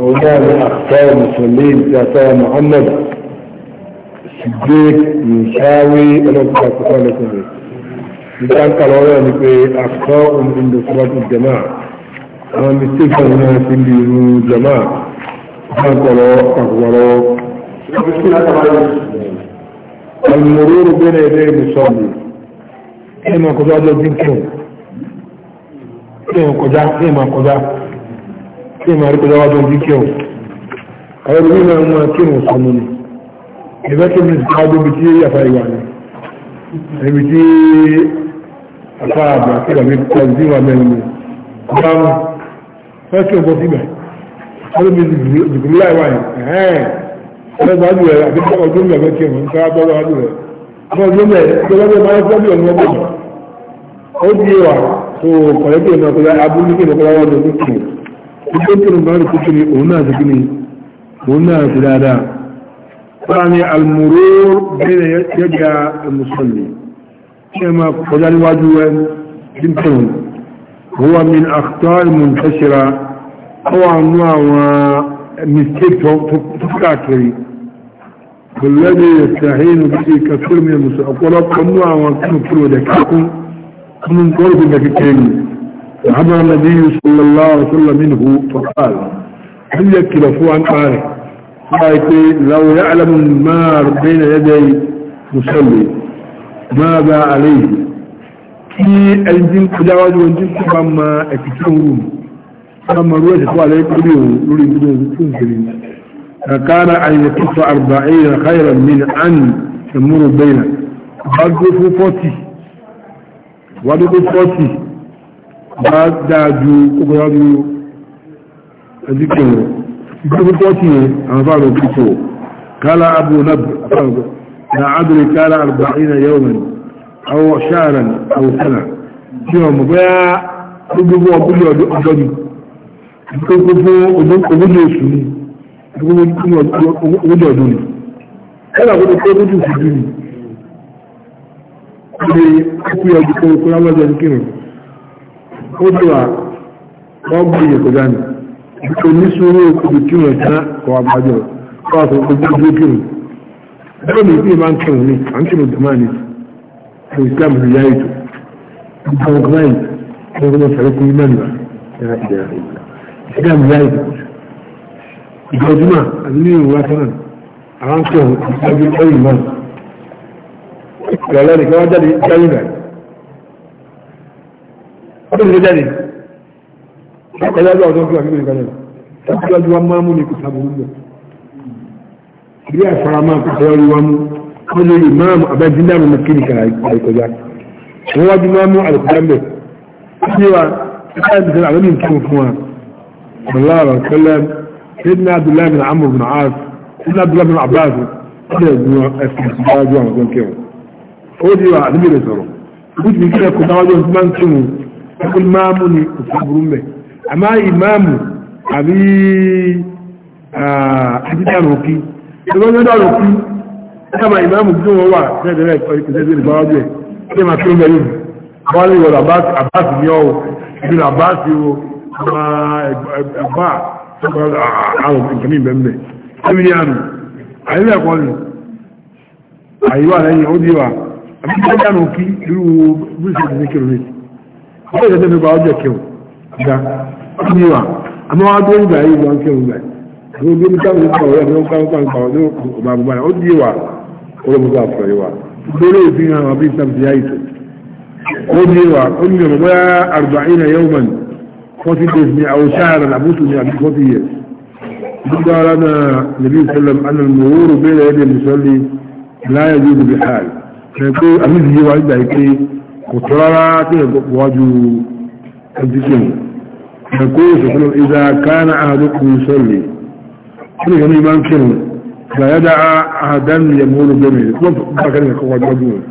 هناك اختار مسلمين ذاتا محمد الصديق يساوي الأخطاء كفالة لذلك قالوا يعني في اختار عند صلاة الجماعة أنا مستيقظ هنا في الجماعة قالوا أخبروا المرور بين يدي المصلي كما قضاء جديد كم كما قضاء كما قضاء tí ìmọ̀ àríkọ́ lọ́wọ́ tó ń bí kíọ̀ àwọn ìlú náà ń máa kíọ̀ sọnù ni ìfẹ́ tó ń bí ká dóbi tí àfa ìwà ni ẹbí tí àfa àgbà kí ìwà mi kọ́ sí ìwà mẹ́rin ni ọba mu wọ́n kí ọ̀bọ síbẹ̀ wọ́n bí dùkú láì wà ní ẹ̀hẹ́n wọ́n bá dùn rẹ̀ àti ọdún mẹ́fẹ́ kí ọ̀hún ká bọ́ wá ọdún kí ọlọ́dún máa ń ìgbókèrè bá rí kókèrè òun náà zikí ni òun náà fi dáadáa fara ni almuro bẹ́ẹ̀ yẹ́gbà musulmi tí a máa kọjá níwájú ẹ tí ń tẹ̀wọ̀n huwa min akhtar muntashira awa nu àwọn mistake tó káàkiri bẹ̀lẹ́dẹ̀ yastahinu bí kafir min musulmi ọ̀pọ̀lọpọ̀ nu àwọn kúrò kúrò da kakún kúrò kúrò da kékeré فحضر النبي صلى الله عليه وسلم منه فقال هل يكلفوا عن قارئ لو يعلم المار بين يدي مسلي ماذا عليه كي الجن تجاوز والجن كما اكتشفهم كما رويت سؤال يقولون لولي بدون تنسلين فكان أن يكف أربعين خيرا من أن تمر بينك وقف فوتي وقف فوتي bá dáa ju kókòrò ní ẹ̀díkẹ̀ rẹ̀ a pọ́tí yẹn àwọn bá lọ kíkọ kálá na adìrí kálá arba'ina yawman aw sha'ran aw sana tí wọ́n mọ̀ bóyá gbogbo ọgbọ́n ọjọ́ ni gbogbo ọgbọ́n oṣù ni gbogbo ọjọ́ ọdún ni ọdún ọdún ọdún ó dùn à wọ́n bú iye kò dání kò ní sùúrù kòtò kí wọ́n tán kọ́ àbájọ kọ́ àtọ̀ kò tó dúró kírun bẹ́ẹ̀ ni ìpín máa ń kírun ní à ń kírun dùmá ní ní Islam ní yá ètò ìgbọ̀n gbọ́n ní wọ́n fẹ́rẹ́ kú iná nìyà ìyá ìyá Islam yá ètò ìgbọ̀n dùmá àti ní ìwà sánà àwọn kírun àti ìgbọ̀n ìmọ̀ ìgbọ̀n lẹ́nu kí wọ́n jáde jáde náà ọdún ìlú jáde ọjọ́ ọdún fún àgbègbè ìgbàlẹ̀ ọjọ́ wa máa mú ní kùsà bò wúlò ilé àfaramá kùsà yọrí wa mú wọ́n lè rí máàmù abẹ́dínlá mi mọ̀ kíni kàrà àìkọjá wọ́n wájú máa mú àlùkùsà mbẹ̀ ṣé wa ṣáà ti sẹ́nà àwọn ìtumọ̀ fún wa ọ̀làwà kẹlẹ́ ṣẹ́dínà abdullahi bin amr bin aas ṣẹ́dínà abdullahi bin abbas ṣẹ́dínà ẹ̀gbọ́n ẹ̀sìn ìgbàlẹ̀ ọjọ́ àwọn ọ̀gbọ́n kẹwọ̀n ó di wa àdúgbò rẹ̀ sọ̀rọ̀ ó ti kí ẹ̀kọ́ táwọn ọjọ́ ìgbàlẹ̀ ẹgbẹ́ máàmù ni òṣèlú mẹ́ àmá ìmáàmù àbí àdídàrùnkí ìgbọ́njọ́dàrùnkí ẹgbẹ́ ìmáàmù tí wọ́n wà tẹ́ẹ̀dẹ̀rẹ̀ ìpẹ́sẹ̀sẹ̀ ìgbàwọ́jẹ́ tí ma tó mẹ́rin wọ́n lè wọ́n àbáàsì ní ọ̀wọ̀ ìbí àbáàsì wo ẹgbà àwọn ìkànnì ìbẹ̀mẹ̀ ẹbí ní àmì àyíwá ẹ̀kọ́ ni àyíwá lẹ́yìn ó díwà àbí ìgbàdàrùnkí irú bí ìṣẹ́ bẹ́ẹ̀ gẹ́gẹ́ bí báwọ́ jẹ́ kẹwù ga níwà àmọ́ wá tó ń gbà yìí wọ́n kẹwù gbà àwọn obìnrin ní káwọn ìgbà wọ́n yàtọ̀ káwọn kan kàwọn ní ọba àbúgbà ó di wà olùmọ̀tò àfọ̀ yìí wà lórí ìfihàn àwọn bí sàm ti yá ìtò ó di wà ó ní ọmọ bóyá àrùbá ìnà yẹ́wò mọ̀ forty days ni àwọn sáàrà àbútù ni àbí forty years gbogbo ara náà nàbí sọlọm àná mòwúrò bẹ́ẹ̀ yẹ́ kò tó rárá tí ẹ̀ gbogbo wájú ẹ̀dísìn ẹ̀kọ́ ìṣòro ìdá kánà àádókùn sọ́lẹ̀ kí ni gani máa ń kírun la yada àádán yẹ mọ́rù bẹ́ẹ̀ kó bá kẹ́rin ẹ̀kọ́ wájú wájú rẹ̀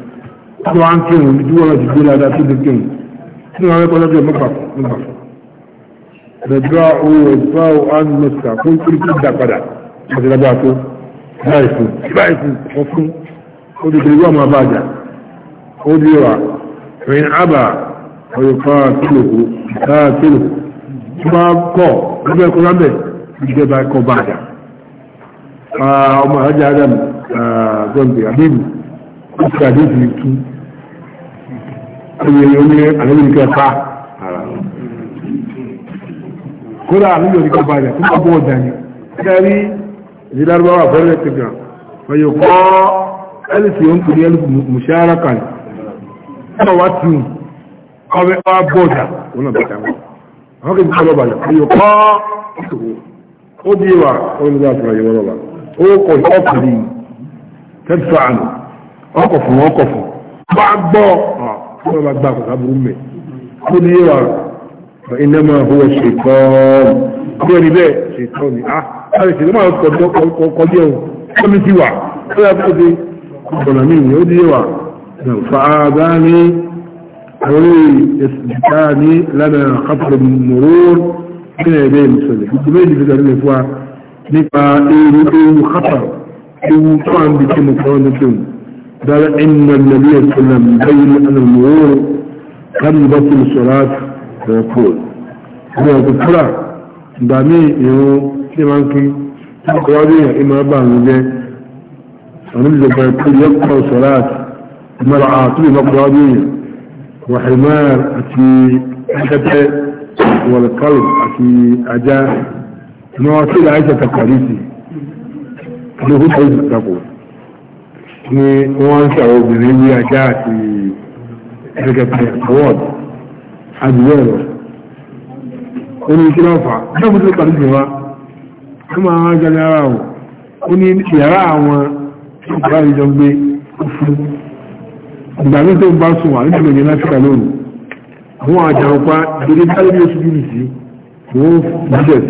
tó wá ń kírun ní dúwọ́ láti gbé ládàá tó dé kírun kí ni wọ́n rẹ̀ pọ́nlọ́dọ̀ mọ́pà mọ́pà dàdúrà owó ẹ̀fọ́ àwọn mẹ́ta kó ń kiri kí dà padà àti lábẹ́ àtó báyìí fún báyìí fún ọ̀fún ó di kiri wọ́n máa bá àjà ó di wà فإن أبى فيقاتله قاتله ثم أبقى قبل يكون عمله يجب أن يكون بعده فأما هجا آدم قلبي عبيب أفكى دي في يبتو أي يومي أنا من كيفا كل عمله يكون بعده ثم أبوه داني كاري زلال بابا فرق تقرأ فيقاتل في يوم كل يلف مشاركا ẹ̀rọ wá tún ọwẹ́ ọwá bọ́ọ̀dà òun àbẹ̀dà wọn àwọn kìí sọ́lọ́bà yà kí yóò kọ́ ìṣòwò ó di wà olùdá àtúrà yẹwọ́ lọ́wọ́ ó kọ̀ ọkọ̀ ní tẹ́tù àná ọkọ̀ fún ọkọ̀ fún bá gbọ́ ọ̀rọ̀ bá gbà kọ̀ọ̀ká burú mẹ́ ó di wà iná máa hó ṣètọ́ ọ̀rọ̀ ní bẹ́ẹ̀ ṣètọ́ ni a láti ṣètọ́ máa kọjọ́ kọjọ́ kọjọ́ kọjọ́ نعم. فآذان ويثبتان لنا خطر المرور من يدي المسلم الجميل في ذلك هو نبا ايه خطر إيه وطبعا بكم بكم قال ان النبي صلى الله عليه وسلم بين ان المرور كان يبطل الصلاة ويقول هو يقول دامي يو كمانكي تقوى بيها إما أبا نجي ونبدأ يقول يقرأ صلاة ملعاتين أبدانية وحمار أتي والقلب أتي أجاء نواصل عيسى تقريسي نقول عيسى تقول ني وانسى وبنين أجاء في أجاب الأسواد أدوار وني كنافع نفس القريسي ما كما هذا يراه وني يراه وما يراه يجب أن يكون ìgbàmí tó bá sùn wà nínú ìyẹn láfíà lónìí àwọn àjàǹpa ìdílé tálẹ́bí oṣù júlù sí wọ́n fìdíẹ̀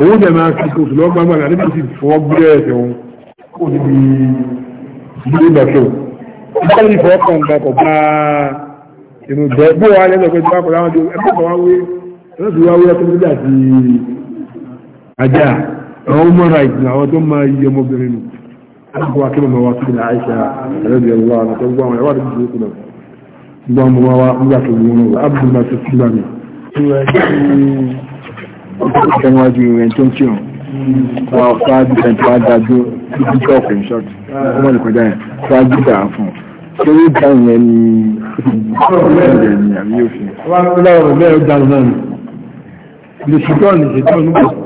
owó jẹ́ máa fi kò sùlọ́ gbangba náà níbi tí fọwọ́ gbúdẹ̀ ẹ̀sẹ̀ wọn kò níbi ìdílé ìgbàfẹ́ wọn ìdílé ìfọwọ́ kan gba kọ̀ bá inú bẹ́ẹ̀ bó wa lẹ́nu ọ̀gbẹ́ ìgbà kọ̀ọ̀lá wọn di ẹgbẹ́ kan wáwé ẹgbẹ́ kan wáwé ọtún nígbà tí ajá àwọn human rights làwọn tó máa yí ọmọbìnrin nù أبوا كما مواصل عائشة رضي الله عنها أبوا وعواد بجوكنا أبوا مواصل وأبوا ما تسلمي kan wájú ẹni tó ń tí òun wọ́n fáájú ẹni tó wá dájú títí tó ọkùnrin ṣọ́ọ̀tì wọ́n mọ̀ nìkan dáyà fáájú dà fún ṣé ó dá ìyẹn ní ìṣẹ̀lẹ̀ ní àmì òfin. wọ́n á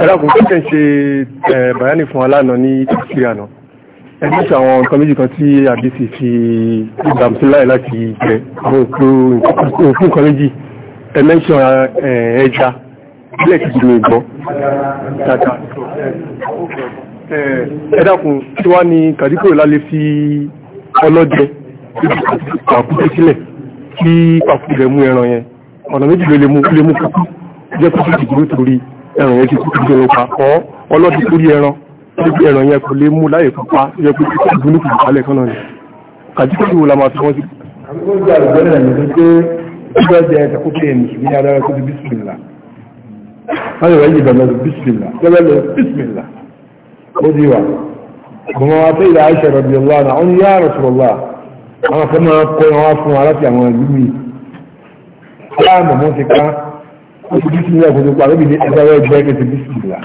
ẹ̀dàkùn tó kẹ́ ṣe bàyánì fún aláàna ní tàbílì àná ẹgbẹ́ ṣe àwọn nǹkan méjì kan tí àbísì fi ìgbàmsíláì láti jẹ àwọn òkú nǹkan méjì ẹmẹ́ṣọ́ ẹja ilẹ̀ kìí ní ìgbọ́ tàtà ẹ̀dàkùn tí wá ní kàdíkò lálé fi ọlọ́jẹ pàkúté sílẹ̀ kí pàkúté mú ẹran yẹn ọ̀nà méjì ló lè mú kúkú jẹ́ kó fìdí dúró torí ẹran yẹn ti kú kúrò lọ́pa ọ́ ọlọ́dún kúrí ẹran níbi ẹran yẹn kò lè mú láyè pupa yẹ kó kí kúrò ní kùkù kálẹ̀ kan náà ni kàdíkò ìwò la máa fi wọ́n sí. Báyọ̀ rẹ̀ yìí bẹ̀rẹ̀ lọ bísmìlá. Bẹ́ẹ̀ lọ bísmìlá. Ó di wa. Àwọn ọmọ afẹ́ ìlà Aisha rọ̀bì Allah náà, wọ́n yá Rasulullah. Àwọn afẹ́ máa kọ́ wọn wá fún wa láti àwọn ìlú mi. Báyọ̀ mọ̀ mọ́ ti ká oṣù bísí ní ọ̀gbọ̀n nípa lóbi ní ẹgbẹ́ ẹgbẹ́ ẹgbẹ́ ti bísí ìlà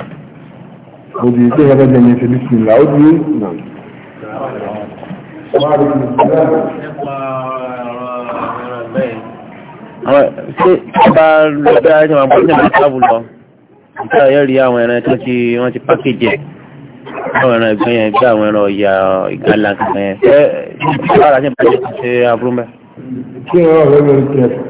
òdì ìgbé ẹgbẹ́ ẹgbẹ́ ti bísí ìlà ó dúró nà. ṣé ọba lọ́dá ẹ̀jẹ̀ máa bọ́ sí ẹ̀jẹ̀ táàbù lọ ìta ẹ̀yẹ́ rí àwọn ẹran tó ti wọ́n ti pákéjì ẹ̀ àwọn ẹran ẹ̀gbẹ́ yẹn bí àwọn ẹran ọ̀yà ìgalà kankan yẹn ṣé ṣé ṣé àbúrò mẹ́. kí ẹ̀rọ rẹ̀ lọ sí ẹ̀fọ́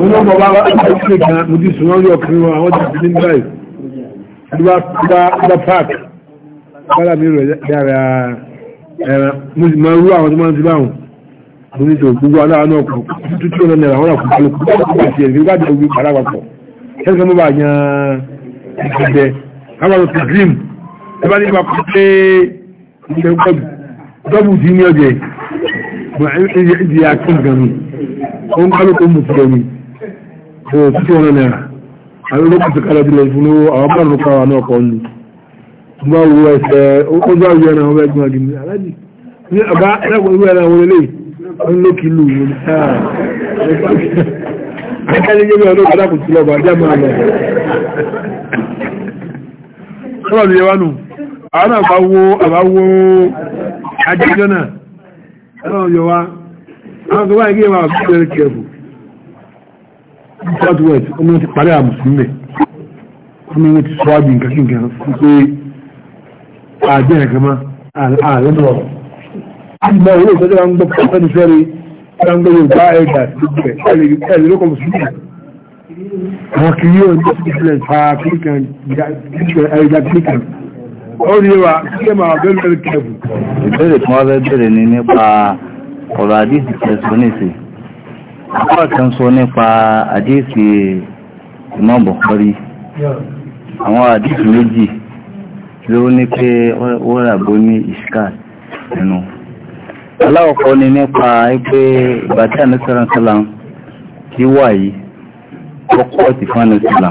olóńgbò bá ṣe kan mo ti sùn lórí ọkùnrin wọn àwọn ti fi ní báyìí lọ park bára mi rẹ̀ dára ẹran mo sì máa rú àwọn tó máa ń ti báwọn mo ní tó gbogbo aláwọ̀ náà kù tútù tí ó lọ nẹ̀rọ àwọn àkùnkùn kù kí wọ́n ti ẹ̀rí wájú ogun ìpàdà papọ̀ kẹ́kẹ́ mo bá yan ìgbẹ́ àwọn ọ̀rọ̀ tó dream ẹ bá ní ìgbà kú pé ìgbẹ́ pọ̀jù dọ́bù dín ní ọ̀jẹ̀ ìdí àkíńgàn mi ó ń kálùkù mú ti lẹ́ni tó títí wọn náà àwọn olókùn ti kálẹ̀ ti lẹ̀ fún owó àwọn márùn ká wà náà kọ́ ni tó bá wo ẹsẹ̀ ó bá yọ ẹran ọmọ ẹgbẹ́ ọdún mi aláàjì ní àbá ẹlẹ́kùn ìwé ẹran wọlé ń lókì lù wọn sáà akẹ́lẹ́ yẹ́bí ọdún kọ́dá kò tilọ̀ bá jẹ́ àwọn àbáwó náà ẹ̀rọ yọwa àwọn tó wáyé wà bí very careful south west ọmọ ti parí àmùsùnmẹ̀ ọmọ wọn ti sọ́ọ́dì nǹkan kí nǹkan fún pé àjẹ́ ẹ̀kan mọ́ ààrẹ náà àgbà owó ìtọ́jú wa ń gbọ́ pẹ́ ní fẹ́rẹ̀ wa ń gbọ́ yorùbá ẹ̀dà síbẹ̀ ẹ̀rẹ̀ lókọ̀ mùsùlùmí àwọn kìí yóò ní ìpínlẹ̀ fa kíríkan ẹ̀dà kíríkan ó rí wa kí ẹ máa bẹ́ẹ̀ bẹ́ẹ̀ kẹ́ẹ̀bù ìbéèrè tí wọ́n fẹ́ bẹ̀rẹ̀ ní nípa ọ̀rọ̀ àdísì kẹsàn nìsí apá kan sọ nípa àdísì Imam Bukhari àwọn àdísì méjì ló ní pé wọ́ràbó ní iskal nínú aláwọ̀kọ́ ni nípa pé ìbàtí àníṣẹ́ránṣẹ́lá tí wà yìí ọkọ̀ ti fún àníṣẹ́lá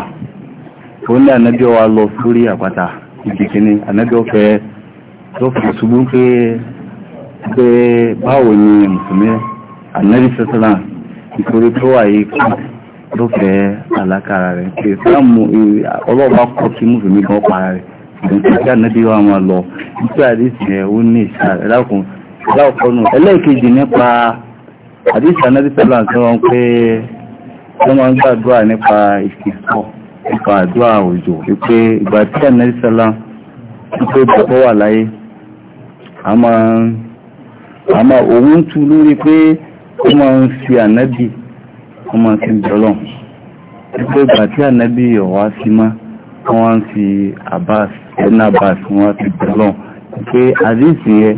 ó ní ànábí wa lọ sórí àpáta ìdìkíní ànábí ọ̀fẹ́ tó fi ṣubú pé pé báwo ni mùsùlùmí ànábì sọ́sọ́lá ìṣòro tó wà yìí kọ́ ló fẹ́ àlákàrà rẹ̀ pé sáàmù ọlọ́ọ̀bá kọ́ kí mùsùlùmí gan para rẹ̀ ìgbésẹ̀ kí ànábì wa máa lọ nípa àdéhùn rẹ̀ ó ní ìṣàrẹ̀ lákùn lákùnù ẹlẹ́ẹ̀kejì nípa àdéhùn ànábì sọ́sọ́lá tí wọ́n pé wọ́n máa ń gbàdúrà nípa ìṣìkọ́ nípa àdúrà òjò wípé ìgbà tí ànábì sọ́sọ́lá wípé bàbá wà láyé a máa ń àmọ́ òun ń tu lórí pé ó máa ń fi ànábì ó máa fi jọlọ pípé ìgbà tí ànábì ọ̀wá sí má wọ́n ń fi abbas ẹ̀nà abbas wọ́n ti jọlọ pé àdéhùn yẹ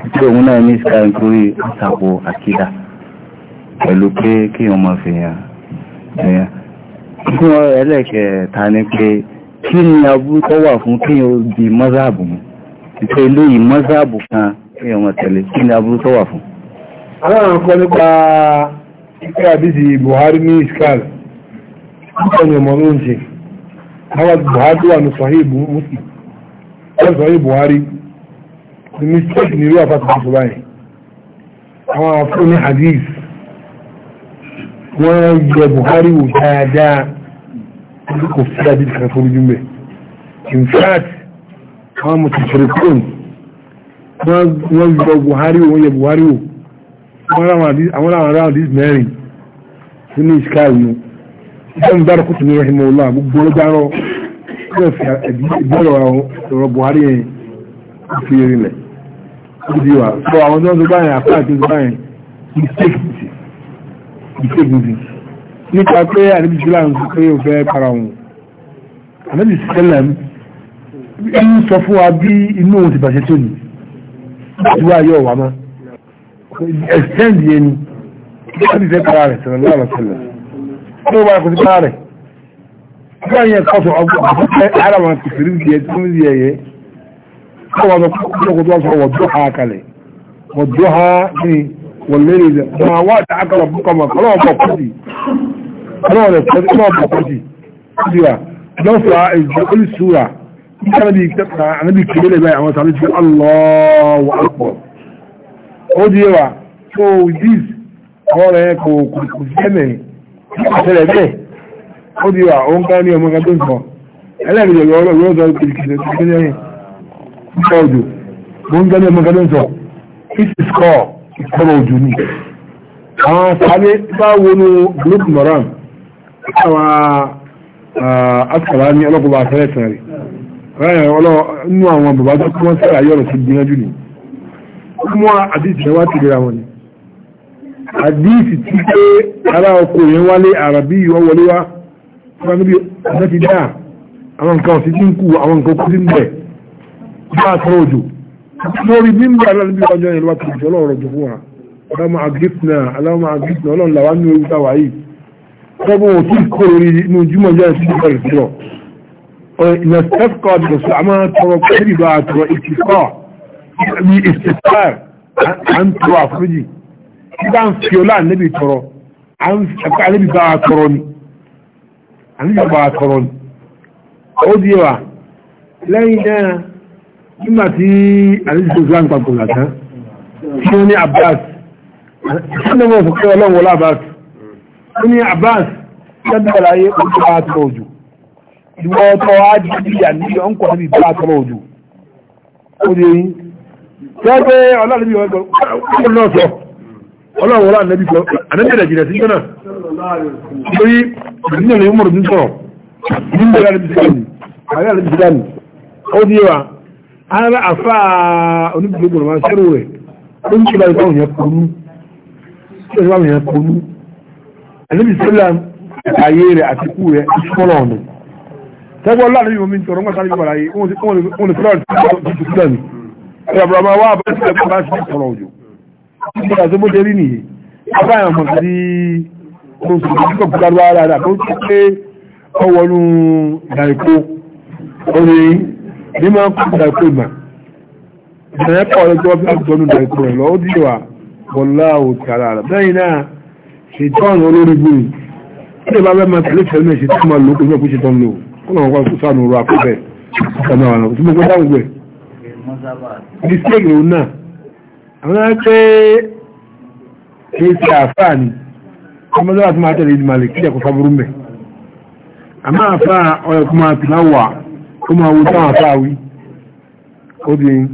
pípé òun náà ní ìsìká nítorí àtàkò àkídà pẹ̀lú pé kí wọ́n máa fi hàn ẹ̀yàn fún ẹlẹ́kẹ̀ẹ́ta ni pé kí ni abúrúkọ wà fún kí o di mọ́sáàbù mú ìpé ilé mọ́sáàbù kan kí ọmọ tẹ̀lé kí ni aburú tó wà fún. aláwọn kọ́ nípa ikẹ́ àdíjì Buhari ní iskal nítorí ọmọ ló ń ṣe àwọn Buhari wà ní sahibu musi wọ́n sahibu Buhari ní mistake ní rí àfàtà tó báyìí àwọn afún ní hadith wọ́n yẹ Buhari wò dáadáa kò sí àdíjì kan tó rújú mẹ́ in fact àwọn mọ̀tìtìrì kúrò wọ́n yọ buhari wọ́n yẹ buhari wò àwọn àwọn ará àdís mẹ́rin nínú ìṣkáì nù ìṣẹ́mi dára kùtù ní rahimu allah gbogbo ló dárọ yóò fi ìgbọ́rọ̀ ọ̀rọ̀ buhari yẹn fi rinlẹ̀ ó di wa sọ àwọn tó ń sọ báyìí àpá àti sọ báyìí mistake nìsí mistake nìsí nípa pé àdébí sílá ń sọ pé ó fẹ́ para òun àdébí sílẹ̀ ń sọ fún wa bí inú òun ti bàjẹ́ tó nìí àdúrà yóò wà ma extend yẹn ni wọ́n ti fẹ́ para rẹ̀ sọ̀rọ̀ lọ́wọ́ sọ̀rọ̀ tó wà kò sí para rẹ̀ àdúrà yẹn kọ́ sọ ọgbọ́n ara wọn kò sí rí tó ń yẹ yẹ kọ́ wọn sọ kó tó sọ wọ́n dúró ha kalẹ̀ wọ́n dúró ha lérí rẹ̀ wọ́n wá àti akọ̀rọ̀ bùkọ̀ mọ̀ kọ́ lọ́wọ́ bọ̀ kọ́ sí kọ́ lọ́wọ́ bọ̀ kọ́ sí kọ́ lọ́wọ́ nígbàdí ìtẹ́pà ànábì kìlélẹ̀ báyìí àwọn sàbí ti Allahu Akbar ó di ẹwà tó dis àwọn rẹ̀ kò kò kò sẹ́mẹ̀ àtẹ̀lẹ̀ bẹ́ẹ̀ ó di ẹwà òun ká ní ọmọ kan tó ń sọ ẹlẹ́rìí ẹ̀rọ ọ̀rọ̀ ìwọ́n sọ kìlìkìlì tó ń yẹn ń sọ òjò mo ń ká sẹ́rẹ̀ ẹ̀ ọlọ́ inú àwọn bàbá tó kí wọ́n sára yọ̀rọ̀ sí gbìyànjú ni mọ́ àdìsí ẹwà ti rẹ̀ wọn ni àdìsí tí pé ara ọkọ̀ yẹn wálé àràbí yọ wọlé wá wọ́n níbi ọ̀sẹ̀ ti dá àwọn nǹkan ọ̀sẹ̀ tí ń kú àwọn nǹkan kú sí ń bẹ̀ bá a sọ̀rọ̀ òjò lórí bí ń bẹ̀ aláàlú bí ọjọ́ yẹn lọ́wọ́ kìí ọlọ́run ọjọ́ fún wa ọlọ́mọ نستفقى بسعما ترى قريبا ترى اتفاع باستفاع عن ترى إذا كده عن فيولا النبي ترى عن فقع النبي بقى تروني عن النبي بقى تروني قد يوا لينا مما تي عزيز بزان قلت لك شوني عباس شنو ما فقع لهم ولا عباس شوني عباس كده لا يقول بقى تروجو ìwọ ọ̀tọ̀ ajíjìyà ní ọ̀nkọ̀ níbi bá tọrọ òjò ó dé yín tẹ́gbẹ́ ọlọ́run yóò gbọ́ ọlọ́run náà sọ ọlọ́run wọlá ànábì sọ ànábì rẹ̀ jìnà sí jọ́nà lórí ìdílé ní mọ̀rọ̀ ní sọ̀rọ̀ ní mọ̀rọ̀ ànábì sọ̀rọ̀ ní àárẹ̀ ànábì sọ̀rọ̀ ní ó dé wa ara àfa oníbìlẹ̀ gbọ̀nà máa ó ṣe láti fáwọn yẹn kọnu àyè rẹ̀ àtikú rẹ̀ ìṣọ́lọ̀ ọ̀nà tẹ́gbọ́n láàrin yóò mi tọ̀rọ̀ mọ́ta yóò wàláyé wọn lè fẹ́ràn tí ó ti sílẹ̀ ní ẹ̀rọ àmà wà bá sílẹ̀ bá bá sí ìtọ̀rọ̀ òjò nígbà tó bó dérí nìyí abáyàn mọ̀ sí oṣù tó kọ̀ kúta lọ́wọ́ ara rà tó ti pé ọwọ́nú dàìkó orí ní máa ń kọ́ dàìkó ìgbà ìṣẹ̀yẹ pọ̀ ọ̀rẹ́ tó wọ́n fi dàìkó rẹ̀ lọ́wọ́ dì wà bọ́lá òtí ara rẹ̀ bẹ́ẹ̀ náà ṣètọ́ọ̀nù olórí gbòòrò tí ìbá bẹ́ẹ̀ máa tẹ̀lé fẹ́ẹ́ mẹ́ ṣètọ́ máa lò ó pé ọlọ́run wọ́n tún sánú ọrọ̀ akọ́bẹ̀ ìkànnà àwọn tí mo gbọ́ dáhùn gbẹ̀. mistake lòun náà àwọn náà pé kìí ṣe àfáà ni ọmọdé wa ti máa tẹ̀lé ìdìmọ̀lẹ̀ kí ẹ̀kọ́ fábúrú mẹ́ àmọ́ àfáà ọ̀rẹ́ kó máa tì náà wà kó máa wo táwọn àfáà wí obìnrin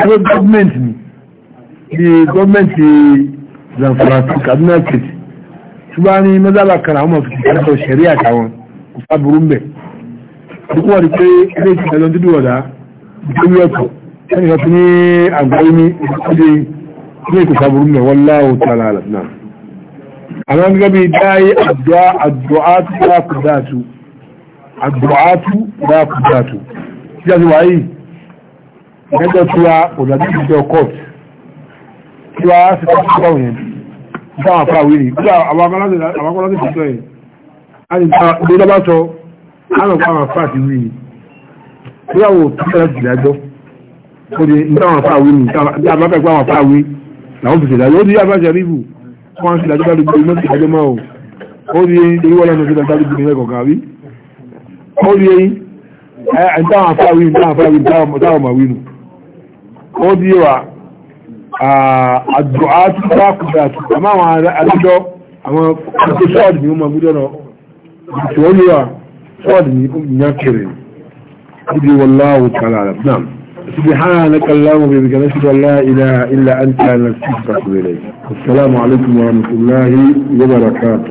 ẹgbẹ́ gọ́ọ̀mẹ̀ntì ni bí gọ́ọ̀mẹ̀ntì zamfarasi kaduna state ṣùgbọ́n ní mọ́sálà kan àwọn ọ̀fìsì kan sọ ṣẹ̀rí àtàwọn kò fábúrú mẹ́ àdúgbò rí pé ilé ìjìnlẹ̀ lọ dídú ọ̀dá lórí ọ̀tọ̀ ẹni ọ̀tọ̀ ní àgbáyé ní ìdíje ilé ìkòkò aburú mẹ́ wọ́n láwọ̀ tí a lára náà àwọn gẹ́gẹ́ bí dáyé àdùátú dákùdátù àdùátú dákùdátù tí a ti wà yìí ẹjọ́ tí wa kò dájú ìjọ court tí wa sì tọ́ sí báwọn yẹn dáwọn afáwé rè kí àwọn akọ́lọ́sẹ̀ tó yẹn a ti ta ìgbélọ́bá sọ àrùn fáwọn afá àti wí ni níyàwó tó fẹ́rẹ̀ jù dájọ́ ó di ní táwọn afá wí ni bí a bá fẹ́ gbọ́ àwọn afá wí làwọn fi ṣèdájọ́ ó di yàrá ṣe ríbù wọn fi dájọ́ bá dùgbò iná fi dájọ́ máa o ó di eyín torí wọ́n lẹ́nu fi dájọ́ dùgbò iná kọ̀ọ̀kan rí ó di eyín ẹ̀ táwọn afá wí ni táwọn afá wí ni táwọn ọmọ wí nu ó di wa àdùá tó bá kúta àmọ́ àwọn adájọ́ àwọn ìgbésọ́ọ̀dù ni wọ́n máa gbúdọ̀ náà ìṣòro سؤالني والله تعالى عالم نعم سبحانك اللهم وبحمدك نشهد ان لا اله الا انت نستغفرك اليك السلام عليكم ورحمه الله وبركاته